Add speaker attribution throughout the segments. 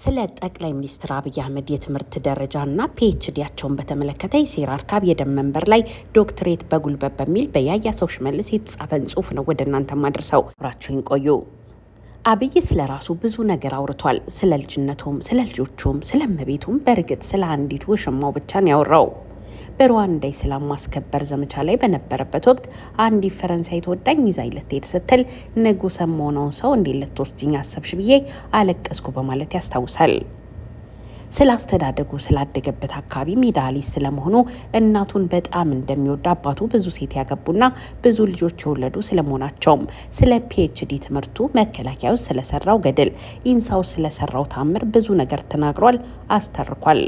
Speaker 1: ስለ ጠቅላይ ሚኒስትር አብይ አህመድ የትምህርት ደረጃና ፒኤችዲያቸውን በተመለከተ የሴራ አርካብ የደም መንበር ላይ ዶክትሬት በጉልበት በሚል በያያ ሰው ሽመልስ የተጻፈን ጽሁፍ ነው ወደ እናንተ ማድረሰው። አብራችሁን ቆዩ። አብይ ስለ ራሱ ብዙ ነገር አውርቷል። ስለ ልጅነቱም፣ ስለ ልጆቹም፣ ስለ እመቤቱም፣ በእርግጥ ስለ አንዲት ውሽማው ብቻን ያወራው። በሩዋንዳ የሰላም ማስከበር ዘመቻ ላይ በነበረበት ወቅት አንድ ፈረንሳይ ተወዳኝ ይዛኝ ልትሄድ ስትል ንጉሰ መሆነውን ሰው እንዴት ልትወስጂኝ አሰብሽ ብዬ አለቀስኩ በማለት ያስታውሳል። ስለ አስተዳደጉ ስላደገበት አካባቢ ሜዳሊስ ስለመሆኑ እናቱን በጣም እንደሚወድ አባቱ ብዙ ሴት ያገቡና ብዙ ልጆች የወለዱ ስለመሆናቸውም ስለ ፒኤችዲ ትምህርቱ መከላከያ ውስጥ ስለሰራው ገድል ኢንሳው ስለሰራው ታምር ብዙ ነገር ተናግሯል አስተርኳል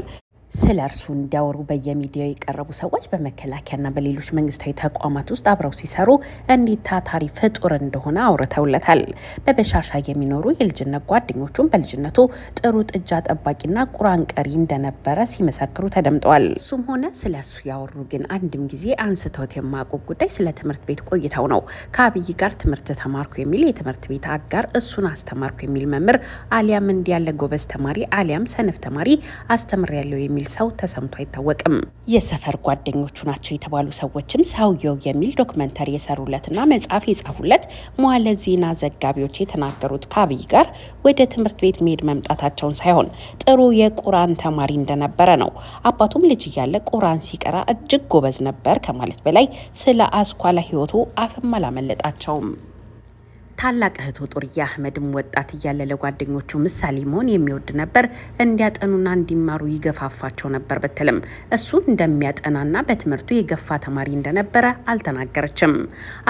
Speaker 1: ስለ እርሱ እንዲያወሩ በየሚዲያው የቀረቡ ሰዎች በመከላከያና በሌሎች መንግስታዊ ተቋማት ውስጥ አብረው ሲሰሩ እንዲህ ታታሪ ፍጡር እንደሆነ አውርተውለታል። በበሻሻ የሚኖሩ የልጅነት ጓደኞቹም በልጅነቱ ጥሩ ጥጃ ጠባቂና ቁራን ቀሪ እንደነበረ ሲመሰክሩ ተደምጠዋል። እሱም ሆነ ስለ እሱ ያወሩ ግን አንድም ጊዜ አንስተውት የማያውቁ ጉዳይ ስለ ትምህርት ቤት ቆይታው ነው። ከአብይ ጋር ትምህርት ተማርኩ የሚል የትምህርት ቤት አጋር፣ እሱን አስተማርኩ የሚል መምህር፣ አሊያም እንዲያለ ጎበዝ ተማሪ አሊያም ሰነፍ ተማሪ አስተምር ያለው የሚል ሰው ተሰምቶ አይታወቅም። የሰፈር ጓደኞቹ ናቸው የተባሉ ሰዎችም ሰውየው የሚል ዶክመንተሪ የሰሩለትና መጽሐፍ የጻፉለት መዋለ ዜና ዘጋቢዎች የተናገሩት ከአብይ ጋር ወደ ትምህርት ቤት መሄድ መምጣታቸውን ሳይሆን ጥሩ የቁራን ተማሪ እንደነበረ ነው። አባቱም ልጅ እያለ ቁራን ሲቀራ እጅግ ጎበዝ ነበር ከማለት በላይ ስለ አስኳላ ህይወቱ አፍም አላመለጣቸውም። ታላቅ እህቱ ጦርያ አህመድም ወጣት እያለ ለጓደኞቹ ምሳሌ መሆን የሚወድ ነበር። እንዲያጠኑና እንዲማሩ ይገፋፋቸው ነበር ብትልም እሱ እንደሚያጠናና በትምህርቱ የገፋ ተማሪ እንደነበረ አልተናገረችም።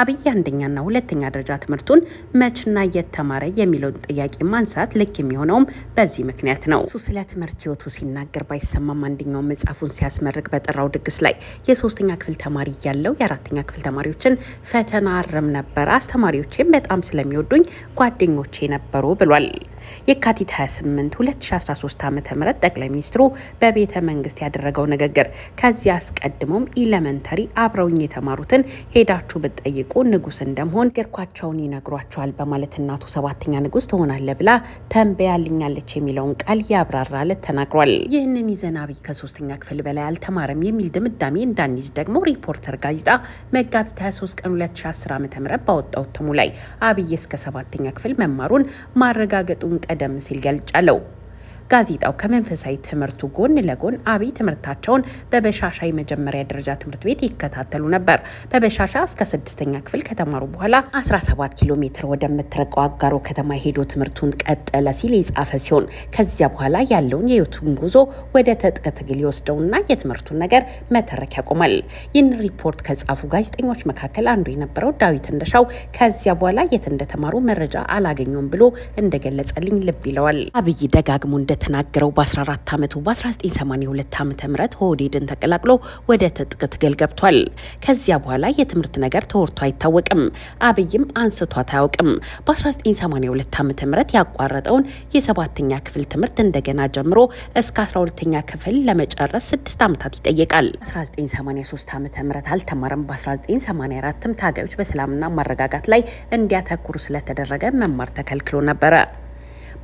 Speaker 1: አብይ አንደኛና ሁለተኛ ደረጃ ትምህርቱን መችና የተማረ የሚለውን ጥያቄ ማንሳት ልክ የሚሆነውም በዚህ ምክንያት ነው። እሱ ስለ ትምህርት ህይወቱ ሲናገር ባይሰማም አንደኛው መጽሐፉን ሲያስመርቅ በጠራው ድግስ ላይ የሶስተኛ ክፍል ተማሪ እያለው የአራተኛ ክፍል ተማሪዎችን ፈተና አርም ነበር። አስተማሪዎችም በጣም ስለሚወዱኝ ጓደኞቼ ነበሩ ብሏል። የካቲት 28 2013 ዓ ም ጠቅላይ ሚኒስትሩ በቤተ መንግስት ያደረገው ንግግር። ከዚህ አስቀድሞም ኢለመንተሪ አብረውኝ የተማሩትን ሄዳችሁ ብትጠይቁ ንጉስ እንደመሆን ገርኳቸውን ይነግሯቸዋል በማለት እናቱ ሰባተኛ ንጉስ ትሆናለ ብላ ተንበያልኛለች የሚለውን ቃል ያብራራለት ተናግሯል። ይህንን አብይ ከሶስተኛ ክፍል በላይ አልተማረም የሚል ድምዳሜ እንዳንይዝ ደግሞ ሪፖርተር ጋዜጣ መጋቢት 23 ቀን 2010 ዓ ም ባወጣው እትሙ ላይ አብይ እስከ ሰባተኛ ክፍል መማሩን ማረጋገጡ። ቀደም ሲል ገልጫለሁ። ጋዜጣው ከመንፈሳዊ ትምህርቱ ጎን ለጎን አብይ ትምህርታቸውን በበሻሻ የመጀመሪያ ደረጃ ትምህርት ቤት ይከታተሉ ነበር። በበሻሻ እስከ ስድስተኛ ክፍል ከተማሩ በኋላ 17 ኪሎ ሜትር ወደምትርቀው አጋሮ ከተማ ሄዶ ትምህርቱን ቀጠለ ሲል የጻፈ ሲሆን ከዚያ በኋላ ያለውን የህይወቱን ጉዞ ወደ ትጥቅ ትግል ይወስደውና የትምህርቱን ነገር መተረክ ያቆማል። ይህን ሪፖርት ከጻፉ ጋዜጠኞች መካከል አንዱ የነበረው ዳዊት እንደሻው ከዚያ በኋላ የት እንደተማሩ መረጃ አላገኘውም ብሎ እንደገለጸልኝ ልብ ይለዋል። አብይ ደጋግሞ እንደ እንደተናገረው በ14 ዓመቱ በ1982 ዓ ም ሆዲድን ተቀላቅሎ ወደ ትጥቅ ትግል ገብቷል። ከዚያ በኋላ የትምህርት ነገር ተወርቶ አይታወቅም። አብይም አንስቷት አያውቅም። በ1982 ዓ ም ያቋረጠውን የሰባተኛ ክፍል ትምህርት እንደገና ጀምሮ እስከ 12ኛ ክፍል ለመጨረስ ስድስት ዓመታት ይጠየቃል። 1983 ዓ ም አልተማረም። በ1984ም ታጋዮች በሰላምና ማረጋጋት ላይ እንዲያተኩሩ ስለተደረገ መማር ተከልክሎ ነበረ።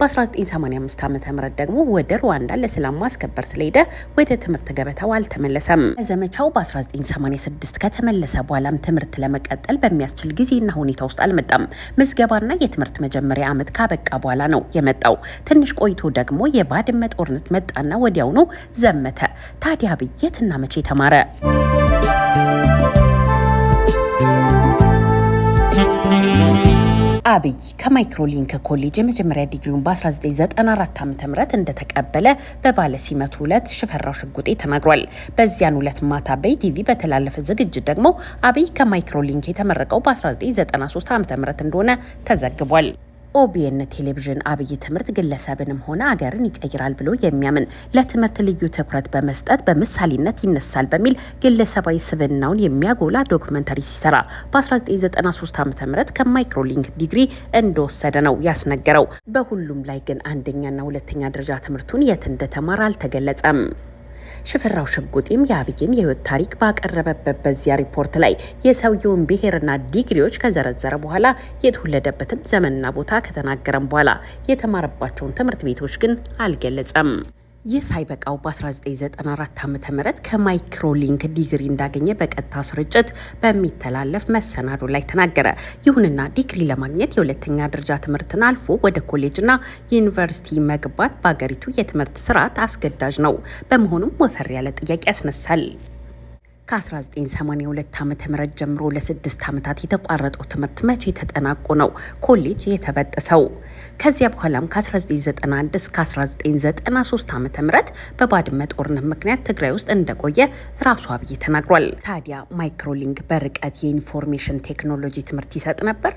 Speaker 1: በ1985 ዓ ም ደግሞ ወደ ሩዋንዳ ለሰላም ማስከበር ስለሄደ ወደ ትምህርት ገበታው አልተመለሰም። ከዘመቻው በ1986 ከተመለሰ በኋላም ትምህርት ለመቀጠል በሚያስችል ጊዜና ሁኔታ ውስጥ አልመጣም። ምዝገባና የትምህርት መጀመሪያ ዓመት ካበቃ በኋላ ነው የመጣው። ትንሽ ቆይቶ ደግሞ የባድመ ጦርነት መጣና ወዲያውኑ ዘመተ። ታዲያ አብይ የትና መቼ ተማረ? አብይ ከማይክሮሊንክ ኮሌጅ የመጀመሪያ ዲግሪውን በ1994 ዓ ም እንደተቀበለ በባለ ሲመቱ ዕለት ሽፈራው ሽጉጤ ተናግሯል። በዚያን ዕለት ማታ በኢቲቪ በተላለፈ ዝግጅት ደግሞ አብይ ከማይክሮሊንክ የተመረቀው በ1993 ዓ ም እንደሆነ ተዘግቧል። ኦቢኤን ቴሌቪዥን አብይ ትምህርት ግለሰብንም ሆነ አገርን ይቀይራል ብሎ የሚያምን ለትምህርት ልዩ ትኩረት በመስጠት በምሳሌነት ይነሳል በሚል ግለሰባዊ ስብናውን የሚያጎላ ዶክመንተሪ ሲሰራ በ1993 ዓ ም ከማይክሮሊንክ ዲግሪ እንደወሰደ ነው ያስነገረው። በሁሉም ላይ ግን አንደኛና ሁለተኛ ደረጃ ትምህርቱን የት እንደተማረ አልተገለጸም። ሽፈራው ሽጉጤም የአብይን የህይወት ታሪክ ባቀረበበት በዚያ ሪፖርት ላይ የሰውየውን ብሔርና ዲግሪዎች ከዘረዘረ በኋላ የተወለደበትን ዘመንና ቦታ ከተናገረም በኋላ የተማረባቸውን ትምህርት ቤቶች ግን አልገለጸም። ይህ ሳይበቃው በ1994 ዓ ም ከማይክሮሊንክ ዲግሪ እንዳገኘ በቀጥታ ስርጭት በሚተላለፍ መሰናዶ ላይ ተናገረ። ይሁንና ዲግሪ ለማግኘት የሁለተኛ ደረጃ ትምህርትን አልፎ ወደ ኮሌጅና ዩኒቨርሲቲ መግባት በአገሪቱ የትምህርት ስርዓት አስገዳጅ ነው። በመሆኑም ወፈር ያለ ጥያቄ ያስነሳል። ከ1982 ዓ ም ጀምሮ ለስድስት ዓመታት የተቋረጠው ትምህርት መቼ ተጠናቆ ነው ኮሌጅ የተበጠሰው? ከዚያ በኋላም ከ1991 እስከ 1993 ዓ ም በባድመ ጦርነት ምክንያት ትግራይ ውስጥ እንደቆየ ራሱ አብይ ተናግሯል። ታዲያ ማይክሮሊንክ በርቀት የኢንፎርሜሽን ቴክኖሎጂ ትምህርት ይሰጥ ነበር?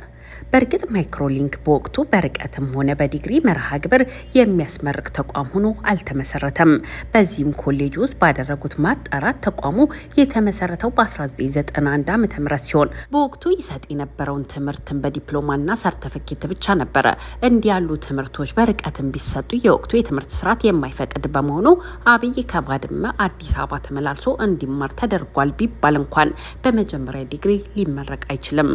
Speaker 1: በእርግጥ ማይክሮሊንክ በወቅቱ በርቀትም ሆነ በዲግሪ መርሃ ግብር የሚያስመርቅ ተቋም ሆኖ አልተመሰረተም። በዚህም ኮሌጅ ውስጥ ባደረጉት ማጣራት ተቋሙ የተ የተመሰረተው በ1991 ዓ ም ሲሆን በወቅቱ ይሰጥ የነበረውን ትምህርትን በዲፕሎማና ሰርተፍኬት ብቻ ነበረ። እንዲህ ያሉ ትምህርቶች በርቀትን ቢሰጡ የወቅቱ የትምህርት ስርዓት የማይፈቅድ በመሆኑ አብይ ከባድመ አዲስ አበባ ተመላልሶ እንዲማር ተደርጓል ቢባል እንኳን በመጀመሪያ ዲግሪ ሊመረቅ አይችልም።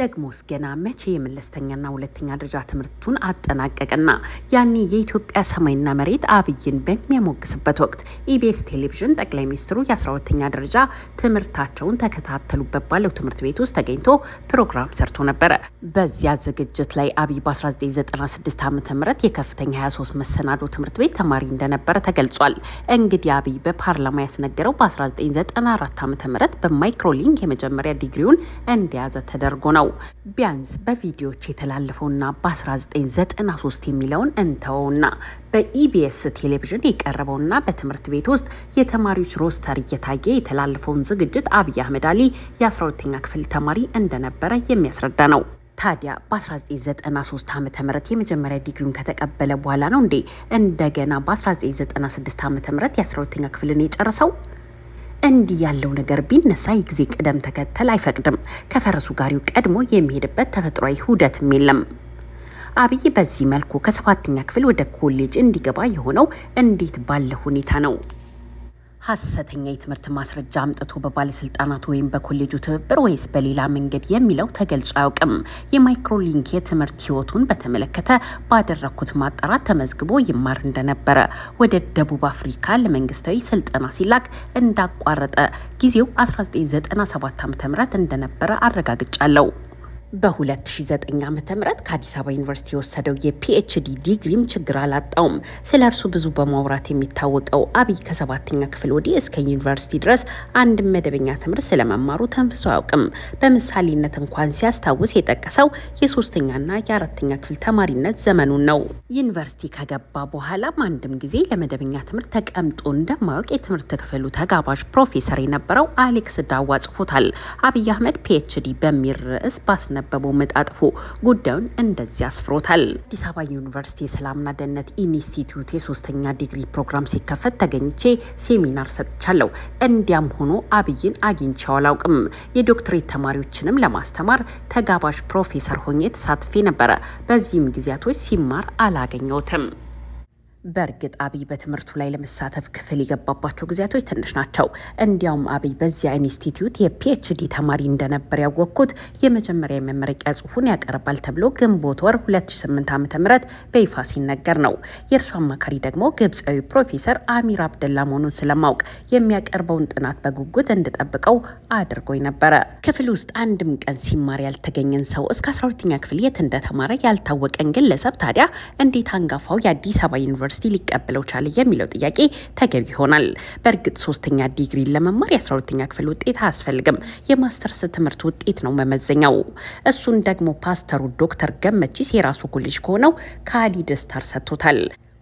Speaker 1: ደግሞስ ገና መቼ የመለስተኛና ሁለተኛ ደረጃ ትምህርቱን አጠናቀቅና ያኔ የኢትዮጵያ ሰማይና መሬት አብይን በሚያሞግስበት ወቅት ኢቢኤስ ቴሌቪዥን ጠቅላይ ሚኒስትሩ የ12ተኛ ደረጃ ትምህርታቸውን ተከታተሉበት ባለው ትምህርት ቤት ውስጥ ተገኝቶ ፕሮግራም ሰርቶ ነበረ። በዚያ ዝግጅት ላይ አብይ በ1996 ዓ ም የከፍተኛ 23 መሰናዶ ትምህርት ቤት ተማሪ እንደነበረ ተገልጿል። እንግዲህ አብይ በፓርላማ ያስነገረው በ1994 ዓ ም በማይክሮሊንግ የመጀመሪያ ዲግሪውን እንደያዘ ተደርጎ ነው። ነው። ቢያንስ በቪዲዮዎች የተላለፈውና በ1993 የሚለውን እንተወውና በኢቢኤስ ቴሌቪዥን የቀረበውና በትምህርት ቤት ውስጥ የተማሪዎች ሮስተር እየታየ የተላለፈውን ዝግጅት አብይ አህመድ አሊ የ12ኛ ክፍል ተማሪ እንደነበረ የሚያስረዳ ነው። ታዲያ በ1993 ዓ ም የመጀመሪያ ዲግሪውን ከተቀበለ በኋላ ነው እንዴ እንደገና በ1996 ዓ ም የ12ኛ ክፍልን የጨረሰው? እንዲህ ያለው ነገር ቢነሳ የጊዜ ቅደም ተከተል አይፈቅድም። ከፈረሱ ጋሪው ቀድሞ የሚሄድበት ተፈጥሯዊ ሁደትም የለም። አብይ በዚህ መልኩ ከሰባተኛ ክፍል ወደ ኮሌጅ እንዲገባ የሆነው እንዴት ባለ ሁኔታ ነው? ሀሰተኛ የትምህርት ማስረጃ አምጥቶ በባለስልጣናቱ ወይም በኮሌጁ ትብብር ወይስ በሌላ መንገድ የሚለው ተገልጾ አያውቅም። የማይክሮሊንክ የትምህርት ህይወቱን በተመለከተ ባደረግኩት ማጣራት ተመዝግቦ ይማር እንደነበረ ወደ ደቡብ አፍሪካ ለመንግስታዊ ስልጠና ሲላክ እንዳቋረጠ ጊዜው 1997 ዓ ም እንደነበረ አረጋግጫለሁ። በ2009 ዓ ም ከአዲስ አበባ ዩኒቨርሲቲ የወሰደው የፒኤችዲ ዲግሪም ችግር አላጣውም። ስለ እርሱ ብዙ በማውራት የሚታወቀው አብይ ከሰባተኛ ክፍል ወዲህ እስከ ዩኒቨርሲቲ ድረስ አንድ መደበኛ ትምህርት ስለመማሩ ተንፍሶ አያውቅም። በምሳሌነት እንኳን ሲያስታውስ የጠቀሰው የሶስተኛና የአራተኛ ክፍል ተማሪነት ዘመኑን ነው። ዩኒቨርሲቲ ከገባ በኋላም አንድም ጊዜ ለመደበኛ ትምህርት ተቀምጦ እንደማያውቅ የትምህርት ክፍሉ ተጋባዥ ፕሮፌሰር የነበረው አሌክስ ዳዋ ጽፎታል። አብይ አህመድ ፒኤችዲ በሚል ርዕስ ባስነ ያነበበው መጣጥፎ ጉዳዩን እንደዚህ አስፍሮታል። አዲስ አበባ ዩኒቨርሲቲ የሰላምና ደህንነት ኢንስቲትዩት የሶስተኛ ዲግሪ ፕሮግራም ሲከፈት ተገኝቼ ሴሚናር ሰጥቻለሁ። እንዲያም ሆኖ አብይን አግኝቼው አላውቅም። የዶክትሬት ተማሪዎችንም ለማስተማር ተጋባዥ ፕሮፌሰር ሆኜ ተሳትፌ ነበረ። በዚህም ጊዜያቶች ሲማር አላገኘውትም። በእርግጥ አብይ በትምህርቱ ላይ ለመሳተፍ ክፍል የገባባቸው ጊዜያቶች ትንሽ ናቸው። እንዲያውም አብይ በዚያ ኢንስቲትዩት የፒኤችዲ ተማሪ እንደነበር ያወቅኩት የመጀመሪያ የመመረቂያ ጽሑፉን ያቀርባል ተብሎ ግንቦት ወር 2008 ዓ ም በይፋ ሲነገር ነው። የእርሱ አማካሪ ደግሞ ግብፃዊ ፕሮፌሰር አሚር አብደላ መሆኑን ስለማውቅ የሚያቀርበውን ጥናት በጉጉት እንድጠብቀው አድርጎኝ ነበረ። ክፍል ውስጥ አንድም ቀን ሲማር ያልተገኘን ሰው እስከ 12ኛ ክፍል የት እንደተማረ ያልታወቀን ግለሰብ ታዲያ እንዴት አንጋፋው የአዲስ አበባ ዩኒቨርሲቲ ዩኒቨርሲቲ ሊቀበለው ቻለ የሚለው ጥያቄ ተገቢ ይሆናል። በእርግጥ ሶስተኛ ዲግሪን ለመማር የ 12 ክፍል ውጤት አያስፈልግም። የማስተርስ ትምህርት ውጤት ነው መመዘኛው። እሱን ደግሞ ፓስተሩ ዶክተር ገመቺስ የራሱ ኮሌጅ ከሆነው ከአሊ ደስታር ሰጥቶታል።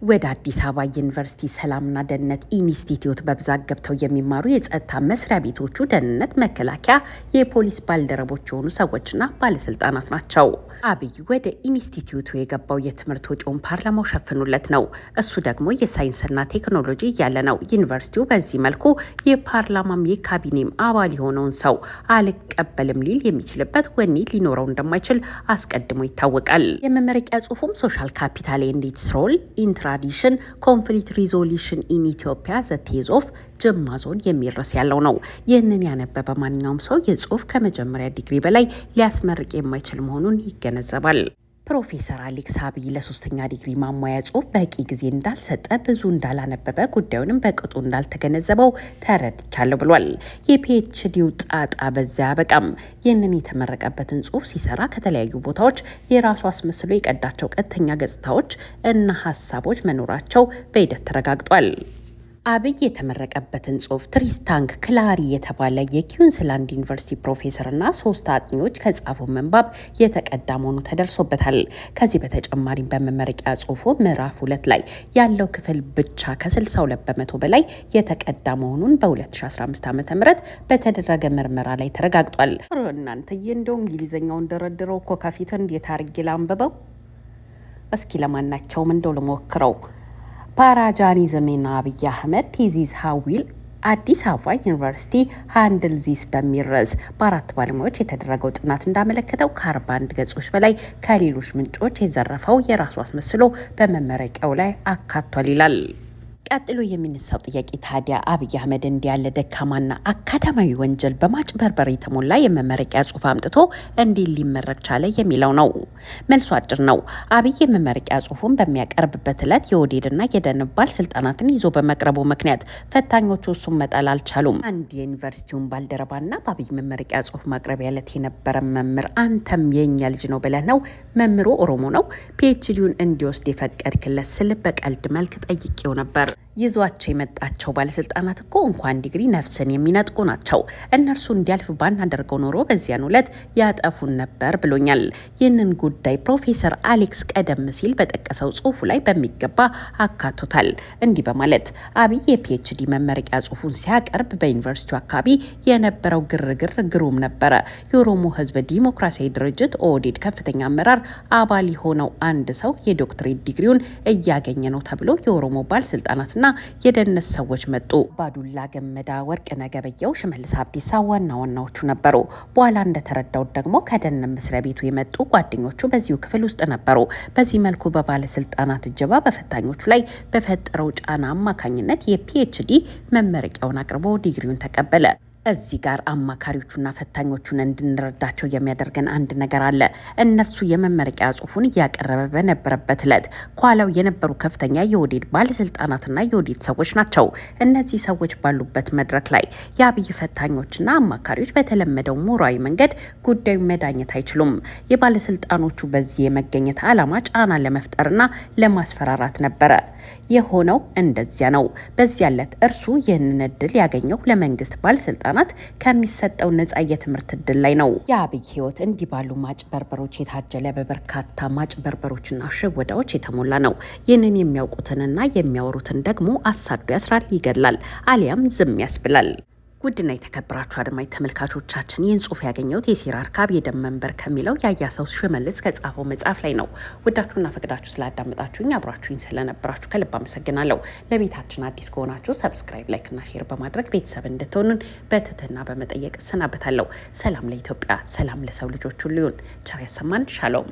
Speaker 1: ወደ አዲስ አበባ ዩኒቨርሲቲ ሰላምና ደህንነት ኢንስቲትዩት በብዛት ገብተው የሚማሩ የጸጥታ መስሪያ ቤቶቹ ደህንነት፣ መከላከያ፣ የፖሊስ ባልደረቦች የሆኑ ሰዎችና ባለስልጣናት ናቸው። አብይ ወደ ኢንስቲትዩቱ የገባው የትምህርት ወጪውን ፓርላማው ሸፍኑለት ነው። እሱ ደግሞ የሳይንስና ቴክኖሎጂ እያለ ነው። ዩኒቨርሲቲው በዚህ መልኩ የፓርላማም የካቢኔም አባል የሆነውን ሰው አልቀበልም ሊል የሚችልበት ወኔ ሊኖረው እንደማይችል አስቀድሞ ይታወቃል። የመመረቂያ ጽሁፉም ሶሻል ካፒታል ኤንድ ኢትስ ሮል ኢንትራ ራዲሽን ኮንፍሊክት ሪዞሉሽን ኢን ኢትዮጵያ ዘ ቴዝ ኦፍ ጅማ ዞን የሚል ርዕስ ያለው ነው። ይህንን ያነበበ ማንኛውም ሰው የጽሁፍ ከመጀመሪያ ዲግሪ በላይ ሊያስመርቅ የማይችል መሆኑን ይገነዘባል። ፕሮፌሰር አሌክስ አብይ ለሶስተኛ ዲግሪ ማሟያ ጽሁፍ በቂ ጊዜ እንዳልሰጠ ብዙ እንዳላነበበ ጉዳዩንም በቅጡ እንዳልተገነዘበው ተረድቻለሁ ብሏል። የፒኤችዲው ጣጣ በዚያ ያበቃም። ይህንን የተመረቀበትን ጽሁፍ ሲሰራ ከተለያዩ ቦታዎች የራሱ አስመስሎ የቀዳቸው ቀጥተኛ ገጽታዎች እና ሀሳቦች መኖራቸው በሂደት ተረጋግጧል። አብይ የተመረቀበትን ጽሁፍ ትሪስታንክ ክላሪ የተባለ የኪውንስላንድ ዩኒቨርሲቲ ፕሮፌሰር እና ሶስት አጥኚዎች ከጻፉ ምንባብ የተቀዳ መሆኑ ተደርሶበታል። ከዚህ በተጨማሪም በመመረቂያ ጽሁፉ ምዕራፍ ሁለት ላይ ያለው ክፍል ብቻ ከ62 በመቶ በላይ የተቀዳ መሆኑን በ2015 ዓ ም በተደረገ ምርመራ ላይ ተረጋግጧል። እናንተ እንደው እንግሊዝኛውን ደረድረው እኮ ከፊት እንዴት አርጌ ላንብበው? እስኪ ለማናቸውም እንደው ልሞክረው ፓራጃኒዝምና አብይ አህመድ ቲዚስ ሀዊል አዲስ አበባ ዩኒቨርሲቲ ሃንድል ዚስ በሚል ርዕስ በአራት ባለሙያዎች የተደረገው ጥናት እንዳመለከተው ከ ገጾች በላይ ከሌሎች ምንጮች የዘረፈው የራሱ አስመስሎ በመመረቂያው ላይ አካቷል ይላል። ቀጥሎ የሚነሳው ጥያቄ ታዲያ አብይ አህመድ እንዲህ ያለ ደካማና አካዳሚያዊ ወንጀል በማጭበርበር የተሞላ የመመረቂያ ጽሁፍ አምጥቶ እንዲህ ሊመረቅ ቻለ የሚለው ነው። መልሱ አጭር ነው። አብይ የመመረቂያ ጽሁፉን በሚያቀርብበት ዕለት የወዴድና የደንብ ባለስልጣናትን ይዞ በመቅረቡ ምክንያት ፈታኞቹ እሱን መጣል አልቻሉም። አንድ የዩኒቨርሲቲውን ባልደረባና በአብይ መመረቂያ ጽሁፍ ማቅረቢያ ዕለት የነበረ መምህር አንተም የኛ ልጅ ነው ብለህ ነው መምህሩ ኦሮሞ ነው ፒኤችዲውን እንዲወስድ የፈቀድክለት ስል በቀልድ መልክ ጠይቄው ነበር። ይዟቸው የመጣቸው ባለስልጣናት እኮ እንኳን ዲግሪ ነፍስን የሚነጥቁ ናቸው። እነርሱ እንዲያልፍ ባናደርገው ኖሮ በዚያን ዕለት ያጠፉን ነበር ብሎኛል። ይህንን ጉዳይ ፕሮፌሰር አሌክስ ቀደም ሲል በጠቀሰው ጽሁፉ ላይ በሚገባ አካቶታል። እንዲህ በማለት አብይ የፒኤችዲ መመረቂያ ጽሁፉን ሲያቀርብ በዩኒቨርሲቲው አካባቢ የነበረው ግርግር ግሩም ነበረ። የኦሮሞ ህዝብ ዲሞክራሲያዊ ድርጅት ኦህዴድ ከፍተኛ አመራር አባል የሆነው አንድ ሰው የዶክትሬት ዲግሪውን እያገኘ ነው ተብሎ የኦሮሞ ባለስልጣናት ዲፕሎማትና የደህንነት ሰዎች መጡ። ባዱላ ገመዳ፣ ወርቅነህ ገበየሁ፣ ሽመልስ አብዲሳ ዋና ዋናዎቹ ነበሩ። በኋላ እንደተረዳሁት ደግሞ ከደህንነት መስሪያ ቤቱ የመጡ ጓደኞቹ በዚሁ ክፍል ውስጥ ነበሩ። በዚህ መልኩ በባለስልጣናት እጀባ በፈታኞቹ ላይ በፈጠረው ጫና አማካኝነት የፒኤችዲ መመረቂያውን አቅርቦ ዲግሪውን ተቀበለ። እዚህ ጋር አማካሪዎቹና ፈታኞቹን እንድንረዳቸው የሚያደርገን አንድ ነገር አለ። እነርሱ የመመረቂያ ጽሁፉን እያቀረበ በነበረበት እለት ከኋላው የነበሩ ከፍተኛ የወዴድ ባለስልጣናትና የወዴድ ሰዎች ናቸው። እነዚህ ሰዎች ባሉበት መድረክ ላይ የአብይ ፈታኞችና አማካሪዎች በተለመደው ሞራዊ መንገድ ጉዳዩን መዳኘት አይችሉም። የባለስልጣኖቹ በዚህ የመገኘት ዓላማ ጫና ለመፍጠርና ለማስፈራራት ነበረ። የሆነው እንደዚያ ነው። በዚያ ያለት እርሱ ይህንን እድል ያገኘው ለመንግስት ባለስልጣ ህጻናት ከሚሰጠው ነጻ የትምህርት እድል ላይ ነው። የአብይ ህይወት እንዲህ ባሉ ማጭበርበሮች የታጀለ በበርካታ ማጭበርበሮችና ሽወዳዎች የተሞላ ነው። ይህንን የሚያውቁትንና የሚያወሩትን ደግሞ አሳዶ ያስራል፣ ይገላል አሊያም ዝም ያስብላል። ውድና የተከበራችሁ አድማጭ ተመልካቾቻችን ይህን ጽሁፍ ያገኘሁት የሴራ አርካብ የደም መንበር ከሚለው ሰው ሽመልስ ከጻፈው መጽሐፍ ላይ ነው። ወዳችሁና ፈቅዳችሁ ስላዳመጣችሁኝ አብራችሁኝ ስለነበራችሁ ከልብ አመሰግናለሁ። ለቤታችን አዲስ ከሆናችሁ ሰብስክራይብ፣ ላይክና ሼር በማድረግ ቤተሰብ እንድትሆኑን በትህትና በመጠየቅ እሰናበታለሁ። ሰላም ለኢትዮጵያ፣ ሰላም ለሰው ልጆች ሁሉ ይሁን። ቸር ያሰማን። ሻሎም